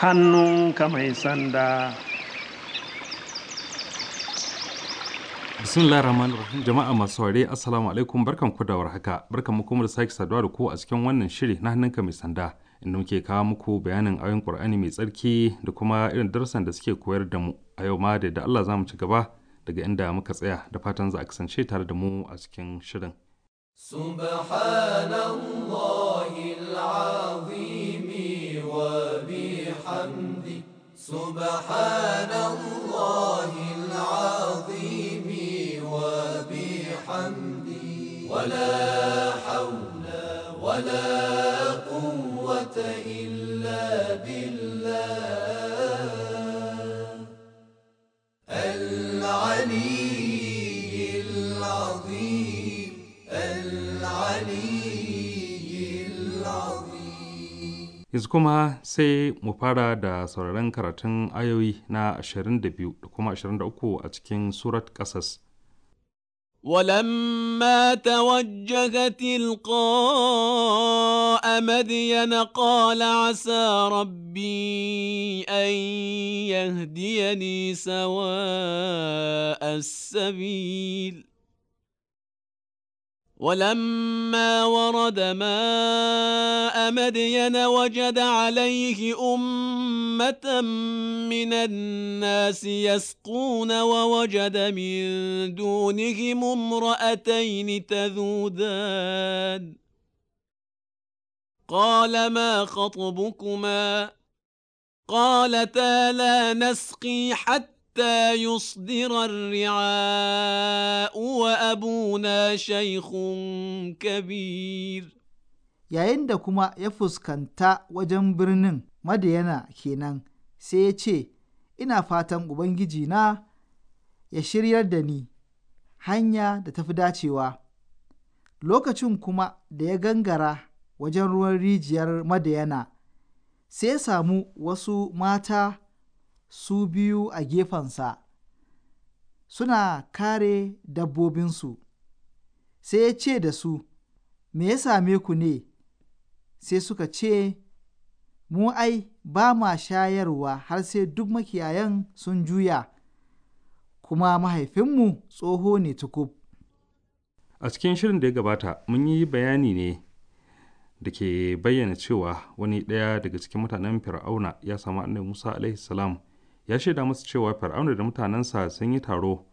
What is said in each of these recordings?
hannunka mai sanda bismillah rahman rahim jama'a masu saurare assalamu alaikum barkan ku da warhaka barkan mu kuma da sake saduwa da ku a cikin wannan shiri na hannunka mai sanda inda muke kawo muku bayanin ayoyin qur'ani mai tsarki da kuma irin darasan da suke koyar da mu a yau ma da da Allah za mu ci gaba daga inda muka tsaya da fatan za a kasance tare da mu a cikin shirin subhanallahi سبحان الله العظيم وبحمده ولا حول ولا قوة إلا بالله العلي العظيم العلي yanzu kuma sai mu fara da sauraron karatun ayoyi na 22 da kuma 23 a cikin surat ƙasas. ولما توجه تلقاء مدين قال عسى ربي أن يهديني سواء السبيل ولما ورد ماء مدين وجد عليه أمة من الناس يسقون ووجد من دونهم امرأتين تذودان قال ما خطبكما قالتا لا نسقي حتى حتى يصدر الرعاء abuna شيخ Kabir. yayin da kuma ya fuskanta wajen birnin madayana kenan sai ya ce ina fatan ubangiji na ya shiryar da ni hanya da tafi dacewa lokacin kuma da ya gangara wajen ruwan rijiyar madayana, sai ya samu wasu mata su biyu a gefensa suna kare dabbobinsu sai ya ce da su me ya same ku ne sai suka ce mu ai ba ma shayarwa har sai duk makiyayan sun juya kuma mahaifinmu tsoho ne tukub a cikin shirin da ya gabata mun yi bayani ne da ke bayyana cewa wani ɗaya daga cikin mutanen fir'auna ya samu annabi musa alaihi salam ya shaida musu cewa fir'auna da mutanensa sun yi taro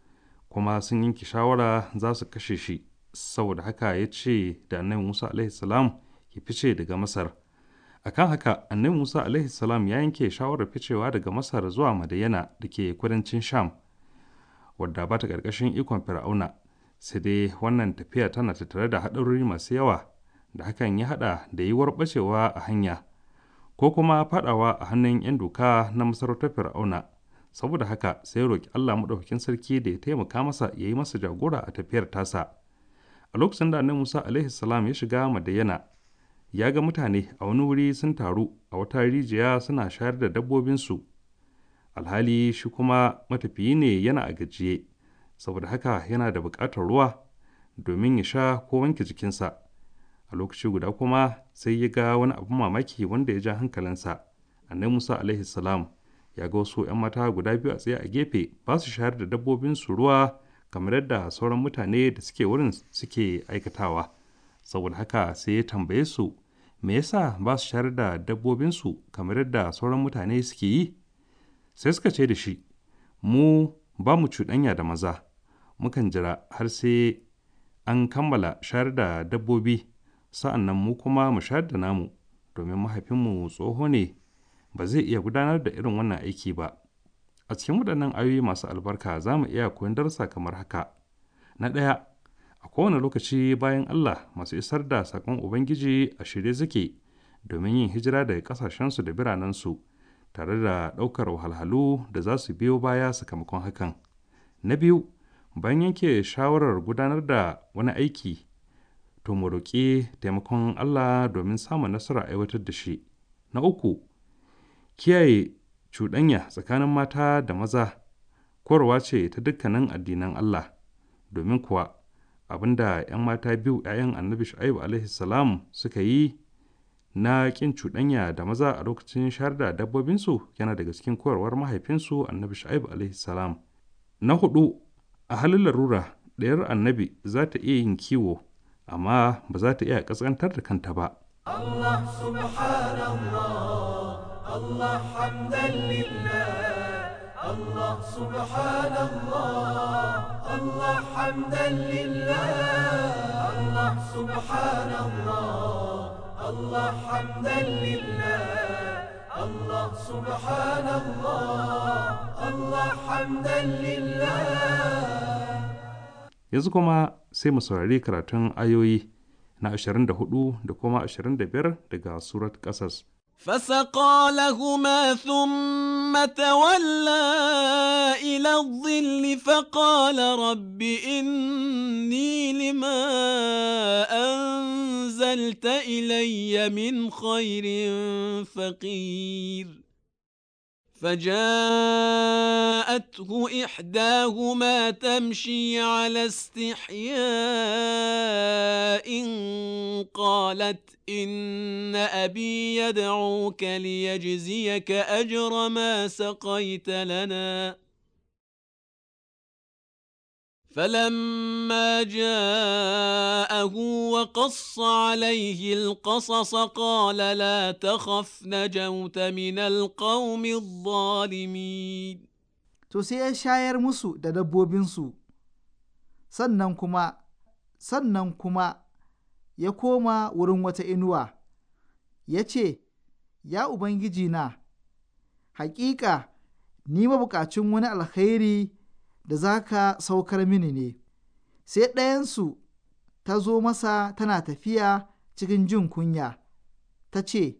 kuma sun yanke shawara za su kashe shi saboda haka ya ce da annabi musa alaihi salam ya fice daga masar akan haka annabi musa alaihi salam ya yanke shawarar ficewa daga masar zuwa madayana da ke kudancin sham wadda ba ta ƙarƙashin ikon fir'auna sai dai wannan tafiya tana tattare da haɗarori masu yawa da hakan ya haɗa da yiwuwar ɓacewa a hanya ko kuma fadawa a hannun 'yan doka na masarautar Fir'auna. Saboda haka sai roƙi Allah maɗaukakin sarki da ya taimaka masa ya yi masa jagora a tafiyar tasa. A lokacin da Annabi Musa alaihi salam ya shiga Madayana, ya ga mutane a wani wuri sun taru a wata rijiya suna shayar da dabbobinsu. Alhali shi kuma matafiyi ne yana a gajiye, saboda haka yana da buƙatar ruwa domin ya sha ko wanke jikinsa. a lokaci guda kuma sai ya ga wani abin mamaki wanda ya ja hankalinsa annabi musa alaihi salam ya ga wasu 'yan mata guda biyu a tsaye a gefe ba su shayar da dabbobin su ruwa kamar yadda sauran mutane da suke wurin suke aikatawa saboda haka sai ya tambaye su me yasa ba su shayar da dabbobin su kamar yadda sauran mutane suke yi sai suka ce da shi mu ba mu cuɗanya da maza mukan jira har sai an kammala shayar da dabbobi sa'an nan mu kuma mu shayar da namu domin mahaifinmu tsoho ne ba zai iya gudanar da irin wannan aiki ba a cikin waɗannan ayoyi masu albarka za mu iya koyon darsa kamar haka na ɗaya a kowane lokaci bayan allah masu isar da saƙon ubangiji a shirye suke domin yin hijira daga ƙasashensu da biranensu tare da ɗaukar wahalhalu da za su biyo baya sakamakon hakan na biyu bayan yanke shawarar gudanar da wani aiki to mu roƙi taimakon Allah domin samun nasara aiwatar da shi. Na uku, kiyaye cuɗanya tsakanin mata da maza korowa ce ta dukkanin addinan Allah, domin kuwa abin da ‘yan mata biyu ‘ya'yan annabi Shu'aibu alaihi salam suka yi na ƙin cuɗanya da maza a lokacin shayar da dabbobinsu yana daga cikin koyarwar mahaifinsu annabi Shu'aibu alaihi salam. Na hudu, a halin larura, ɗayar annabi za ta iya yin kiwo amma ba za ta iya ƙasƙantar da kanta ba Allah subhanallah Allah hamdan Allah subhanallah Allah hamdan Allah subhanallah Allah hamdan lillah الله سبحان الله الله حمدا لله yanzu kuma sai mu saurari karatun ayoyi na 24 da kuma 25 daga surat kasas فسقى لهما ثم تولى إلى الظل فقال رب إني لما أنزلت إلي من خير فقير فجاءته إحداهما تمشي على استحياء قالت إن أبي يدعوك ليجزيك أجر ما سقيت لنا فلما جاءه وقص عليه القصص قال لا تخف نجوت من القوم الظالمين توسي شاير مسو دا بنسو سنن كما سنن كما يكوما ورن وتا انوا يا اوبنجي جينا حقيقه ني مبقاچن وني الخيري da za ka saukar mini ne sai ɗayansu ta zo masa tana tafiya cikin jin kunya ta ce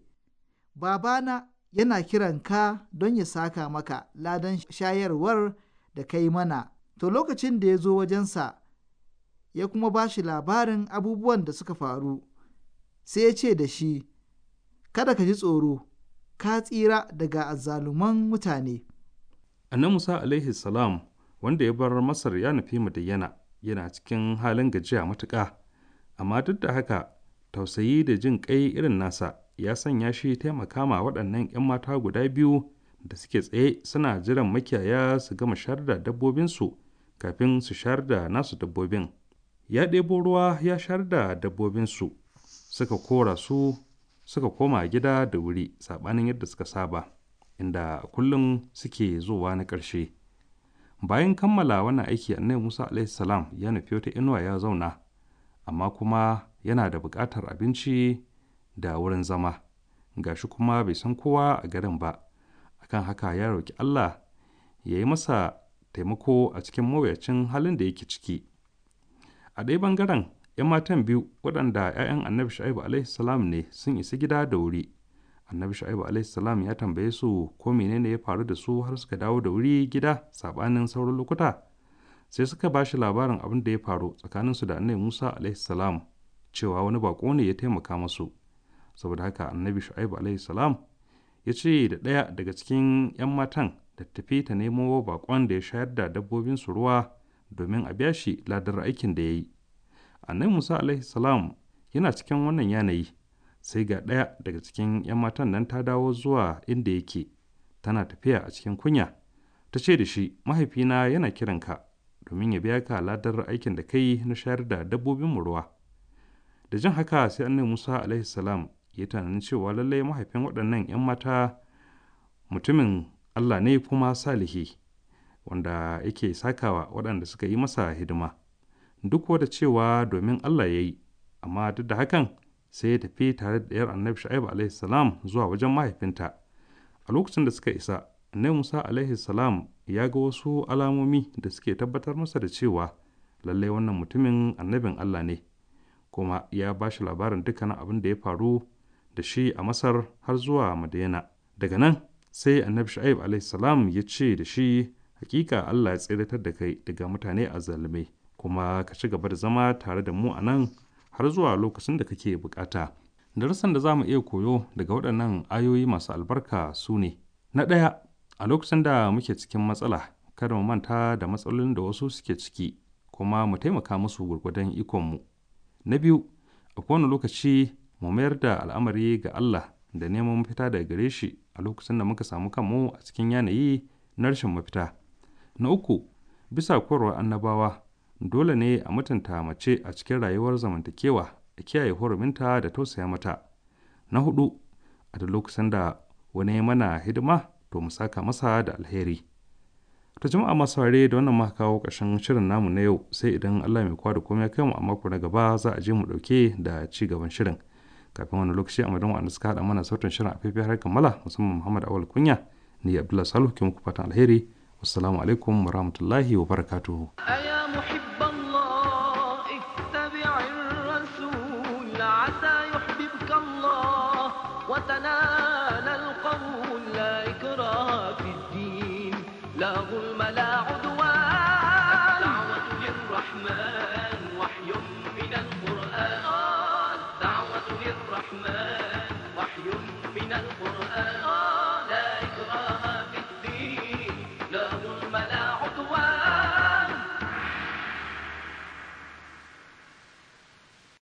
babana yana kiran ka don ya saka maka ladan shayarwar da ka yi mana to lokacin da ya zo wajensa ya kuma ba shi labarin abubuwan da suka faru sai ya ce da shi kada ka ji tsoro ka tsira daga azzaluman mutane annan musa alaihi salam wanda ya bar Masar ya nufi Madiyana yana cikin halin gajiya matuƙa, amma duk da haka tausayi da jin ƙai irin nasa ya sanya shi taimaka ma waɗannan 'yan mata guda biyu da suke tsaye suna jiran makiyaya su gama shayar da dabbobinsu kafin su shayar da nasu dabbobin. Ya ɗebo ruwa ya shayar da dabbobinsu suka kora su suka koma gida da wuri saɓanin yadda suka saba inda kullum suke zuwa na ƙarshe. bayan kammala wannan aiki annabi musa salam ya nufi wata inuwa ya zauna amma kuma yana da buƙatar abinci da wurin zama ga shi kuma bai san kowa a garin ba akan haka ya roki allah ya yi masa taimako a cikin mawuyacin halin da yake ciki a ɗaya bangaren 'yan matan biyu waɗanda 'ya'yan annabi shu'aibu alaihi salam ne sun isa gida da wuri annabi shu'aibu alaihi salam ya tambaye su ko menene ya faru da su har suka dawo da wuri gida sabanin sauran lokuta sai suka ba shi labarin abin da ya faru tsakanin su da annabi musa alaihi salam cewa wani bako ne ya taimaka masu saboda haka annabi shu'aibu alaihi salam ya ce da ɗaya daga cikin 'yan matan da tafi ta nemo bakon da ya shayar da dabbobin su ruwa domin a biya shi ladar aikin da ya yi annabi musa alaihi salam yana cikin wannan yanayi sai ga ɗaya daga cikin 'yan matan nan ta dawo zuwa inda yake tana tafiya a cikin kunya ta ce da shi mahaifina yana kiran ka domin ya biya ka ladar aikin da kai na shayar da dabbobinmu ruwa da jin haka sai annabi musa alaihi salam ya tunanin cewa lallai mahaifin waɗannan 'yan mata mutumin allah ne kuma salihi wanda yake sakawa waɗanda suka yi masa hidima duk wata cewa domin allah ya yi amma duk da hakan sai ya tafi tare da yar annabi sha'ib alaihi salam zuwa wajen mahaifinta a lokacin da suka isa annabi musa alaihi salam ya ga wasu alamomi da suke tabbatar masa da cewa lallai wannan mutumin annabin allah ne kuma ya ba shi labarin dukkanin abin da ya faru da shi a masar har zuwa madina daga nan sai annabi shaib alaihi salam ya ce da shi hakika allah ya tseratar da kai daga mutane a zalume kuma ka ci gaba da zama tare da mu a nan har zuwa lokacin da kake bukata. Darussan da za mu iya koyo daga waɗannan ayoyi masu albarka su ne, na ɗaya, a lokacin da muke cikin matsala, kada mu manta da matsalolin da wasu suke ciki, kuma mu taimaka musu gurgudan ikonmu. Na biyu, a kowane lokaci mu mayar da al'amari ga Allah da neman mafita daga gare shi a lokacin da muka samu kanmu a cikin yanayi na rashin mafita. Na uku, bisa koyarwa annabawa, Dole ne a mutunta mace a cikin rayuwar zamantakewa, a kiyaye huruminta da tausaya mata. Na hudu a duk lokacin da wani ya mana hidima to mu saka masa da alheri. ta jama'a masu ware da wannan maka kawo ƙarshen shirin namu na yau sai idan Allah mai kwa da komai ya kai mu a na gaba za a je mu ɗauke da ci gaban shirin. Kafin wani lokaci a madadin wa'anda suka haɗa mana sautin shirin a har kammala musamman Muhammad Awal Kunya ni Abdullahi salu ke muku fatan alheri والسلام عليكم ورحمة الله وبركاته أيا محب الله اتبع الرسول عسى يحببك الله وتنال القول لا إكراه في الدين لا ظلم لا عدوان